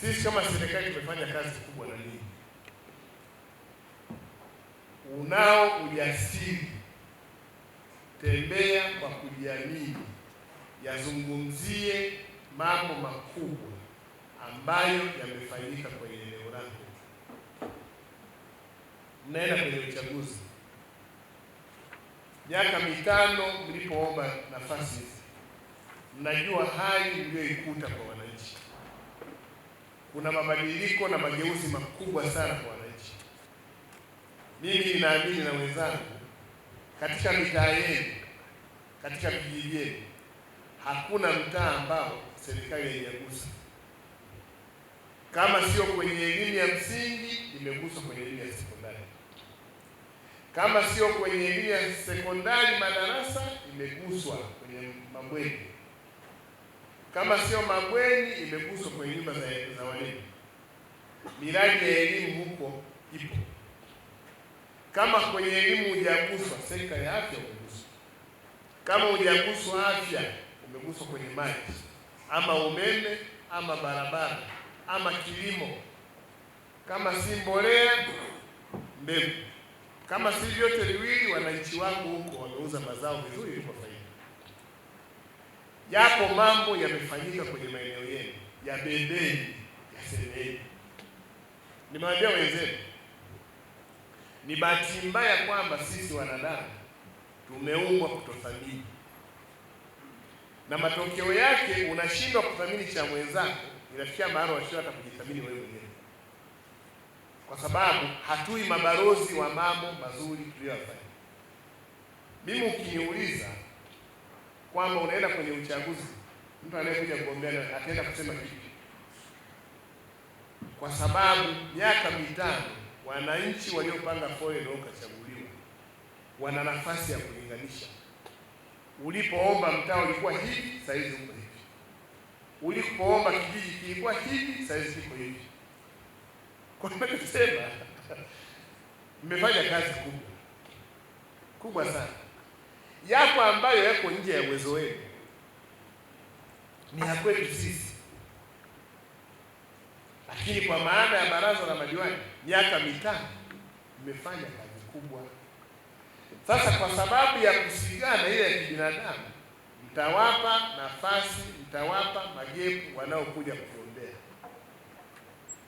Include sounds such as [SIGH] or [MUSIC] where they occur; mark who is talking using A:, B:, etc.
A: Sisi kama serikali tumefanya kazi kubwa na nini, unao ujasiri, tembea kwa kujiamini, yazungumzie mambo makubwa ambayo yamefanyika kwenye eneo lako. Mnaenda kwenye uchaguzi, miaka mitano mlipoomba nafasi hizi, mnajua hali mliyoikuta kwa wananchi kuna mabadiliko na mageuzi makubwa sana kwa wananchi. Mimi ninaamini na wenzangu, katika mitaa yenu, katika vijiji vyenu, hakuna mtaa ambao serikali haijagusa. Kama sio kwenye elimu ya msingi, imeguswa kwenye elimu ya sekondari. Kama sio kwenye elimu ya sekondari madarasa, imeguswa kwenye mabweni kama sio mabweni, imeguswa kwenye nyumba za, e-, za walimu. Miradi ya elimu huko ipo. Kama kwenye elimu hujaguswa, sekta ya afya umeguswa. Kama hujaguswa afya, umeguswa kwenye maji ama umeme ama barabara ama kilimo. Kama si mbolea, mbegu. Kama si vyote viwili, wananchi wangu huko wameuza mazao vizuri kwa faida. Yapo mambo yamefanyika kwenye maeneo yenu ya ya yasemeni. nimewambia wenzenu, ni bahati mbaya kwamba sisi wanadamu tumeumbwa kutothamini, na matokeo yake unashindwa kuthamini cha mwenzako, inafikia mahali unashindwa hata kujithamini wewe mwenyewe, kwa sababu hatui mabalozi wa mambo mazuri tuliyoyafanya. Mimi ukiniuliza kwamba unaenda kwenye uchaguzi, mtu anayekuja kugombea ataenda kusema kipi? Kwa sababu miaka mitano wananchi waliopanga foleni na wana nafasi ya kulinganisha. Ulipoomba mtaa ulikuwa hivi, sasa hivi uko hivi. Ulipoomba kijiji kilikuwa hivi, sasa hivi kiko hivi. Kwa hiyo nasema [LAUGHS] mmefanya kazi kubwa kubwa sana yako ambayo yako nje ya uwezo wenu ni ya kwetu sisi, lakini kwa maana ya baraza la madiwani miaka mitano imefanya kazi kubwa. Sasa kwa sababu ya kusigana ile ya kibinadamu, mtawapa nafasi, mtawapa majepu wanaokuja ku